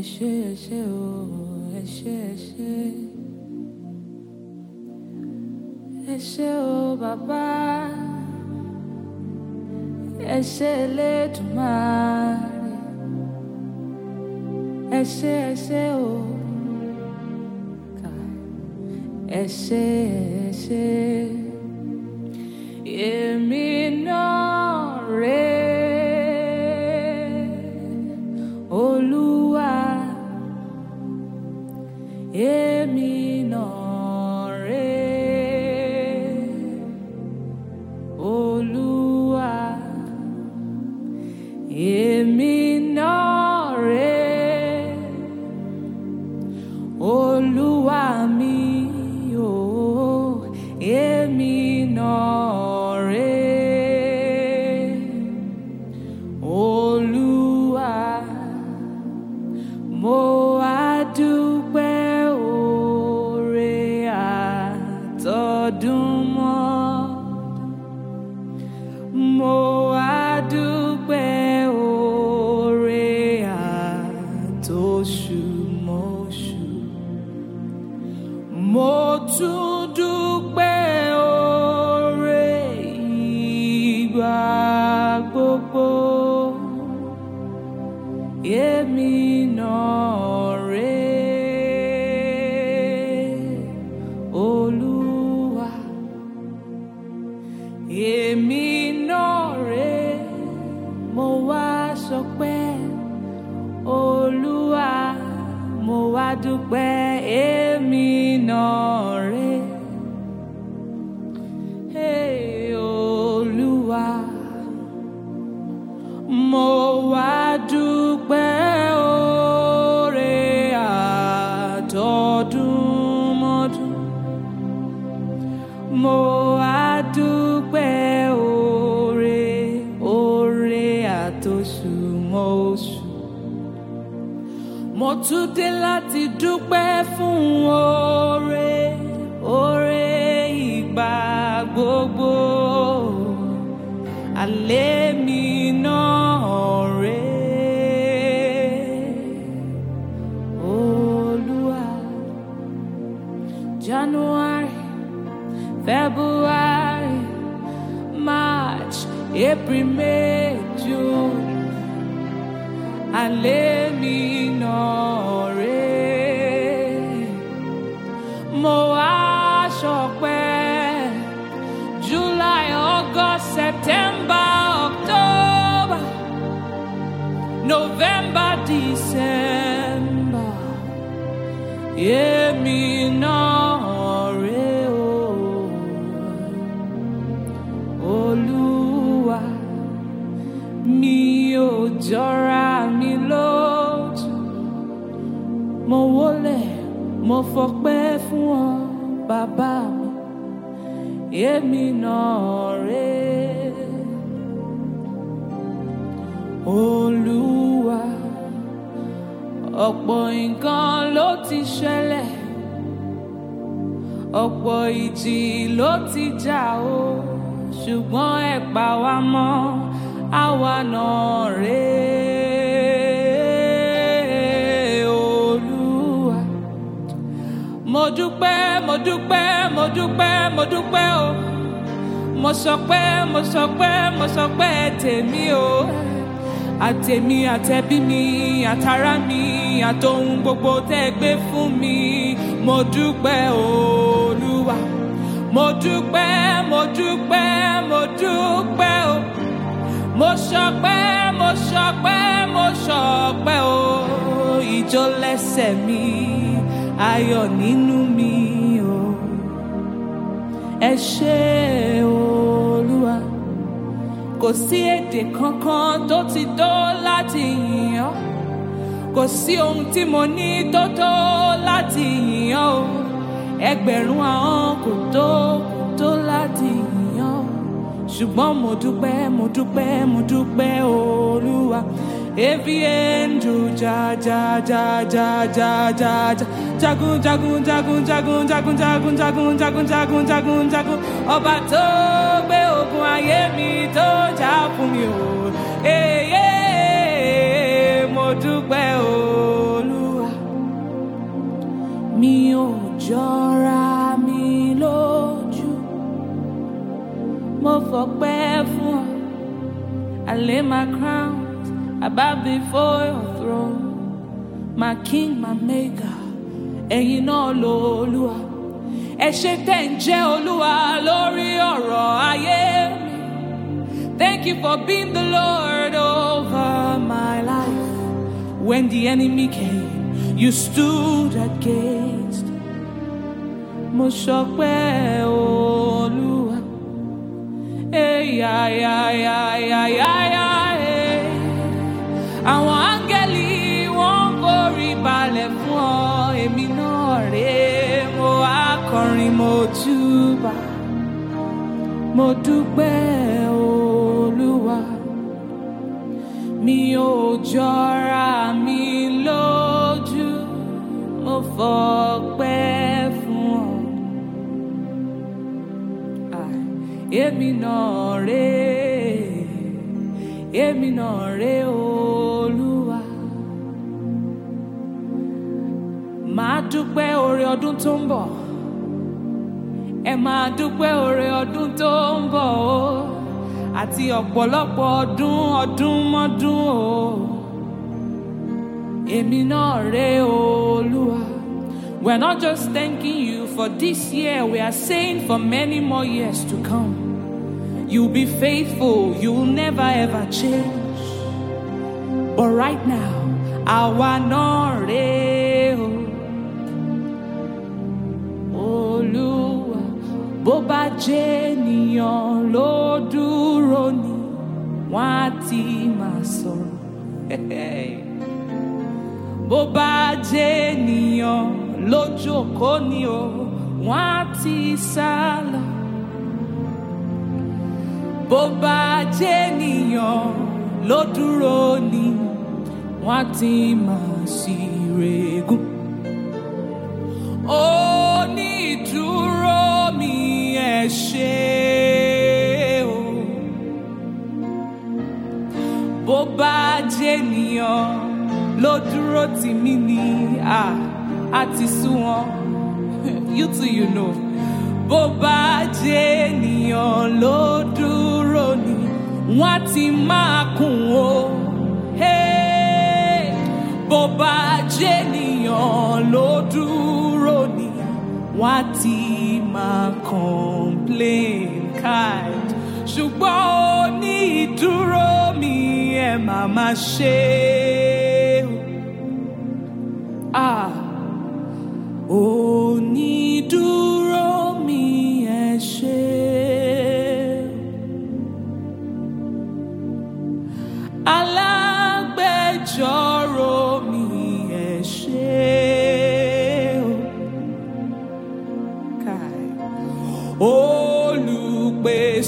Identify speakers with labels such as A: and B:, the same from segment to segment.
A: Ese, ese o, ese, ese. Ese o ẹ Ese le ẹ ṣé Ese, ese o. Ese, ese. ẹ ṣé o ẹ ṣé ẹ doom mo wá dúpẹ́ oore àtọdún mọ́dún mo wá dúpẹ́ oore oore àtọṣù mọ́ oṣù mo tún dé láti dúpẹ́ fún oore oore ìgbà gbogbo àlẹ́ mi. primeiro I ler. jọra mi lójú mo wólẹ̀ mo fọpẹ́ fún ọ bàbá mi èmi náà rè olúwa ọ̀pọ̀ nǹkan ló ti ṣẹlẹ̀ ọ̀pọ̀ ìjì ló ti jà o ṣùgbọ́n ẹ pa mọ́ àwa náà rèé olúwa. mo dúpẹ́ mo dúpẹ́ mo dúpẹ́ mo dúpẹ́ o mo sọpẹ́ mo sọpẹ́ mo sọpẹ́ tèmi o àtèmi àtẹbí mi àtàrà mi àtòhun gbogbo tẹ́ gbé fún mi mo dúpẹ́ olúwa mo dúpẹ́ mo dúpẹ́ mo dúpẹ́ o mo ṣọpẹ́ mo ṣọpẹ́ mo ṣọpẹ́ o ìjó lẹ́sẹ̀ mi ayọ̀ nínú mi o ẹ ṣé olúwa kò sí èdè kankan tó ti tó láti yìn ọ́ kò sí ohun tí mo ní tó tó láti yìn ọ́ ẹgbẹ̀rún ahọ́n kò tó kò tó láti yìn. ṣùgbọ́n mo dúpẹ́ mo dúpẹ́ mo dúpẹ́ olúwa every angel oh, ja ja ja ja ja ja ja jagun jagun jagun jagun jagun jagun jagun jagun jagun jagun jagun ọba tó gbé ogun ayé mi tó jà fún mi o oh. èyé mo dúpẹ́ olúwa mi ò jọra. mo fọpẹ́ fún ọ. I lay my crown I bow before your throne. My king, my maker, ẹ̀yin náà lo olúwa. Ẹ ṣé tẹ̀ ń jẹ́ olúwa lórí ọ̀rọ̀ ayé Thank you for being the Lord over my life. When the enemy came, you stood against. Mo ṣọpẹ́ olúwa. Eh, eh. àwọn áńgẹ́lì wọ́n ń forí balẹ̀ fún ọ èmi náà rèé mo wá kọrin mo júbà mo dúpẹ́ olúwa mi ò jọra mi lójú mo fọ́. èmi náà rè èmi náà rè olúwa. Màá dúpẹ́ oore ọdún tó ń bọ̀ ẹ máa dúpẹ́ oore ọdún tó ń bọ̀ o àti ọ̀pọ̀lọpọ̀ ọdún ọdún mọ́dún o èmi náà rè olúwa. We're not just thanking you for this year, we are saying for many more years to come. You'll be faithful, you'll never ever change. But right now, our Noreo. Eh, oh, Olúwa, bó bá jẹ́ ènìyàn ló lójókòó ni o wọ́n á ti sá lọ. bó bá jẹ́ ènìyàn ló dúró ni wọ́n á ti máa sí regún. ó ní ìdúró mi ẹ ṣé o. bó bá jẹ́ ènìyàn ló dúró tì mí ni a. Ah. a ti wọn you too you know bó bá jẹ́ ènìyàn ló dúró ni wọ́n ti máa kùn ó bó bá jẹ́ ènìyàn ló dúró ni wọ́n ti máa complain kind ṣùgbọ́n oní ìdúró mi ẹ̀ máa máa ṣe. Ah ò ní dúró mi ẹ ṣé. alágbèjọ́rò mi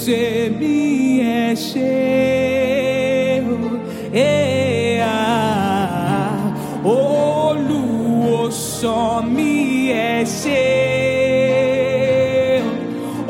A: ṣé. mi ẹ ṣé. Hey. só me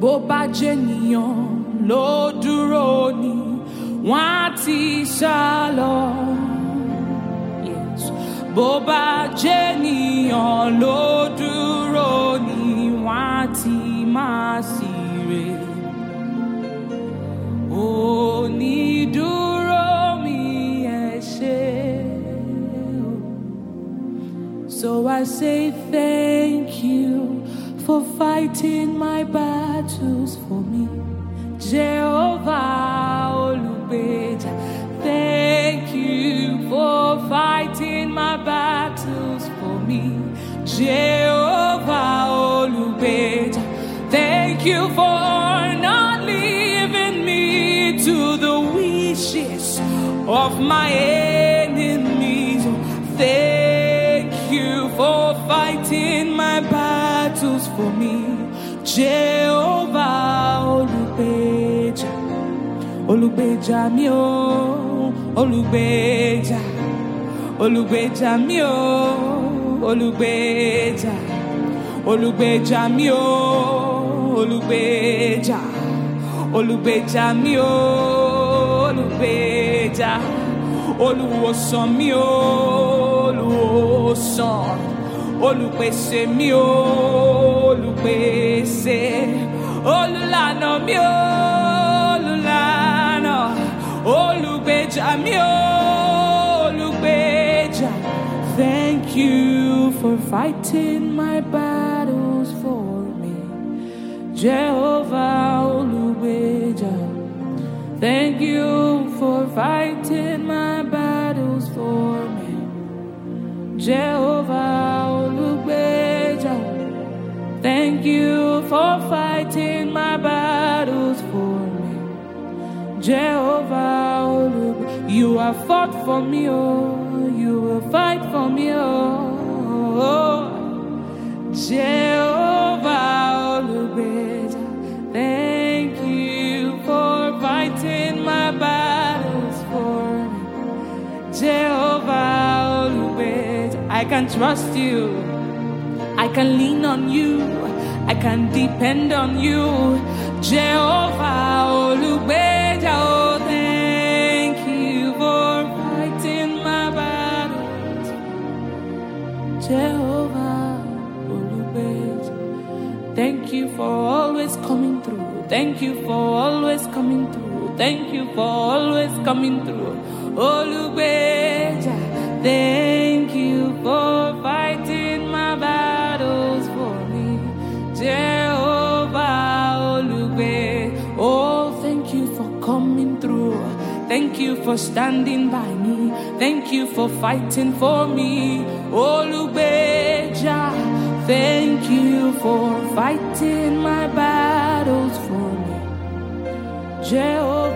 A: Boba bá jẹnìyàn ló dúró ni wọn á ti sá lọ. bó ló dúró ni wọn á ti máa sì mi eshe. So I say thank you for fighting my battle. Jehovah Thank you for fighting my battles for me. Jehovah Thank you for not leaving me to the wishes of my enemies. Thank you for fighting my battles for me. Jehovah olùgbèjà mi o olùgbèjà olùgbèjà mi o olùgbèjà olùgbèjà mi o olùgbèjà olùgbèjà mi o olùgbèjà olùwòsàn mi o olùwòsàn olùpèsè mi o olùpèsè olùlànà mi o. olùgbèjà mi o olùgbèjà. Thank you for fighting my battles for me, Jehovah olùgbèjà. Thank you for fighting my battles for me, Jehovah olùgbèjà. Thank you for fighting my battles for me, Jehovah have fought for me, oh, you will fight for me, oh, oh. Jehovah Olubeja, thank you for fighting my battles for me. Jehovah Olubeja, I can trust you, I can lean on you, I can depend on you, Jehovah Olubeja. Oh. Thank you for always coming through. Thank you for always coming through. Thank you for always coming through. Olubeja, thank you for fighting my battles for me. Jehovah Olugbe, oh, thank you for coming through. Thank you for standing by me. Thank you for fighting for me. Olubeja. Thank you for fighting my battles for me, Jehovah.